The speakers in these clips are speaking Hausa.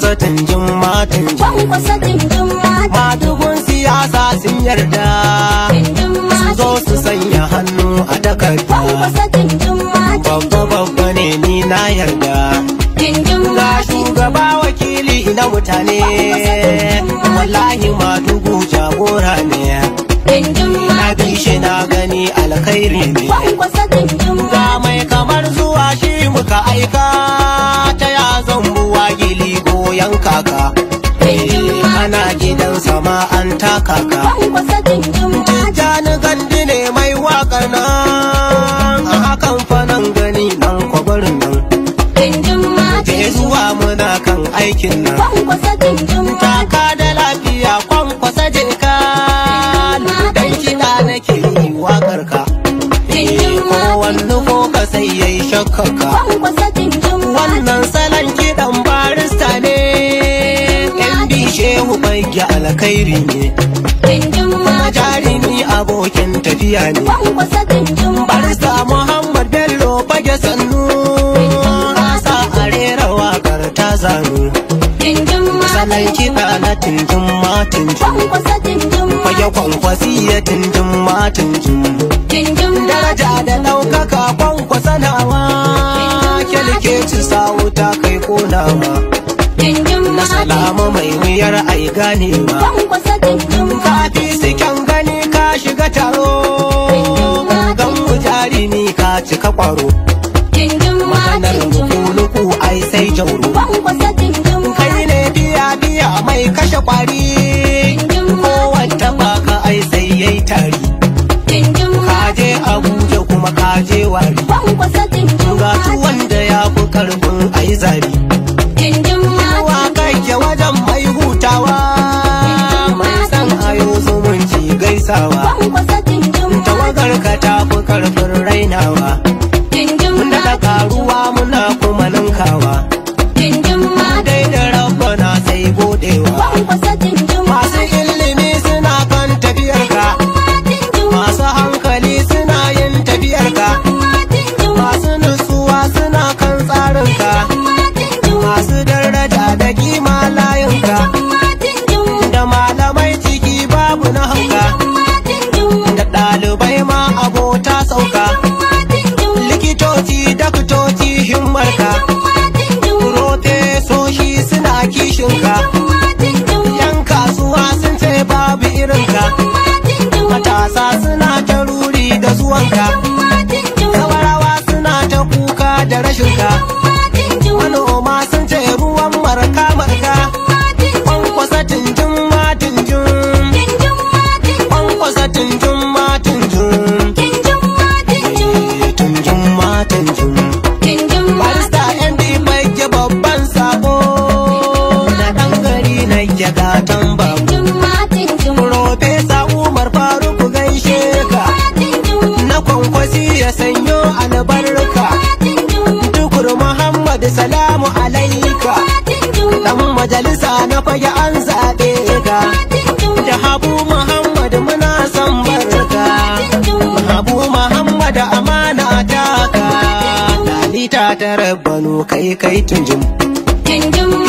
kwasa tanjin matan kwankwasa tanjin siyasa sun yarda su zo su sanya hannu a takarda babba babba ne ni na yarda ga shugaba wakili na mutane wallahi madugu jagora ne na bi shi na gani alkhairi ne ga mai kamar zuwa shi muka aika ta haka ana gidan sama an taka ka tijani gandu ne mai wakar nan a hakan fanan gani nan kwabarin nan zuwa muna kan aikin nan shehu bagge alkhairi ne ni abokin tafiya ne barista muhammad bello bage sannu sa a rera wakar ta zanu salon kiɗa na tinjin ma tinjin fage kwankwasi ya tinjin ma tinjin salama mai wuyar ai ganewa ka fi siken gani ka shiga taro gan mu jarimi ka cika kwaro Matanar luku-luku ai sai jauro kai ne biya-biya mai kashe kwari now. Uh. salamu alaika dan majalisa na fage an zaɓe ka da habu muhammad muna son barka habu muhammad amana ta ka lalita ta rabbanu kai kai tunjum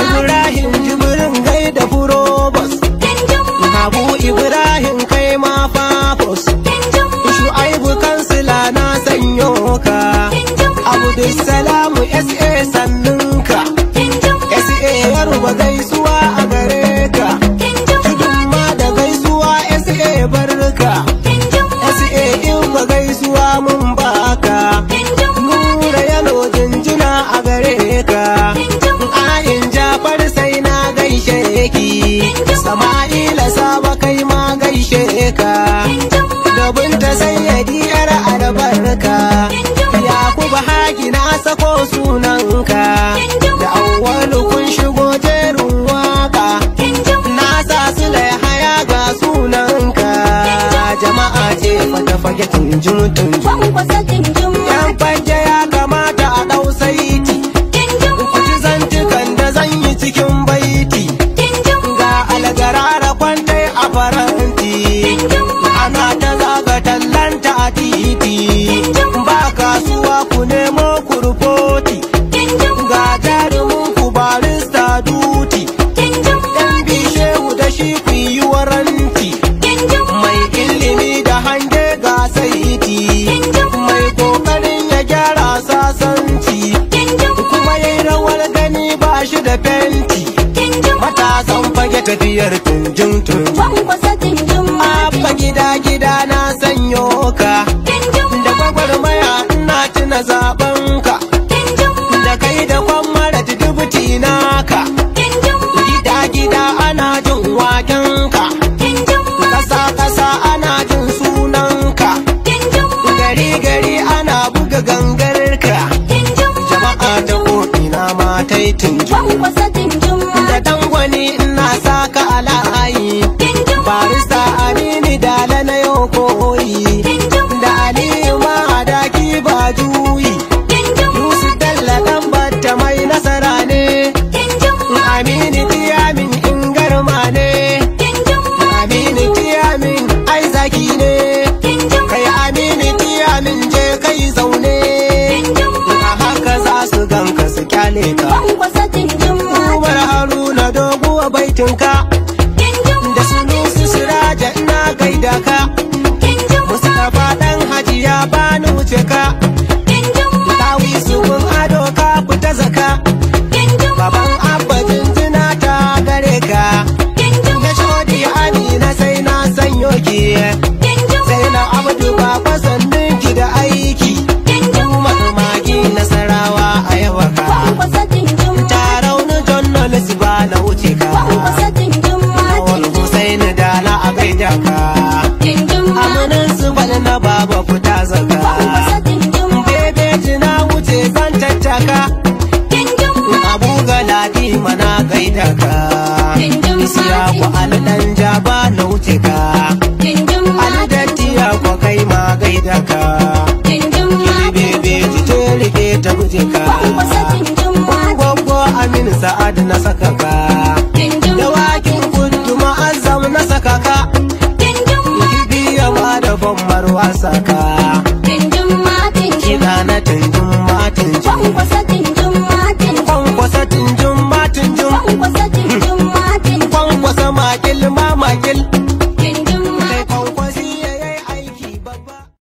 ibrahim jibrin gai da furobos habu ibrahim kai ma fafos shu'aibu kansila na sanyo ka sa a gare ka ayin jafar sai na gaishe ki sama'ila saba kai ma gaishe ka ta sai yadiyar albarka yakubu haki na sako sunanka da awwalu kun shigo jerin waka na sa su da haya ga sunanka jama'a ce fata fage tunjun da fenti matasan fage tafiyar tunjin tunjin wuce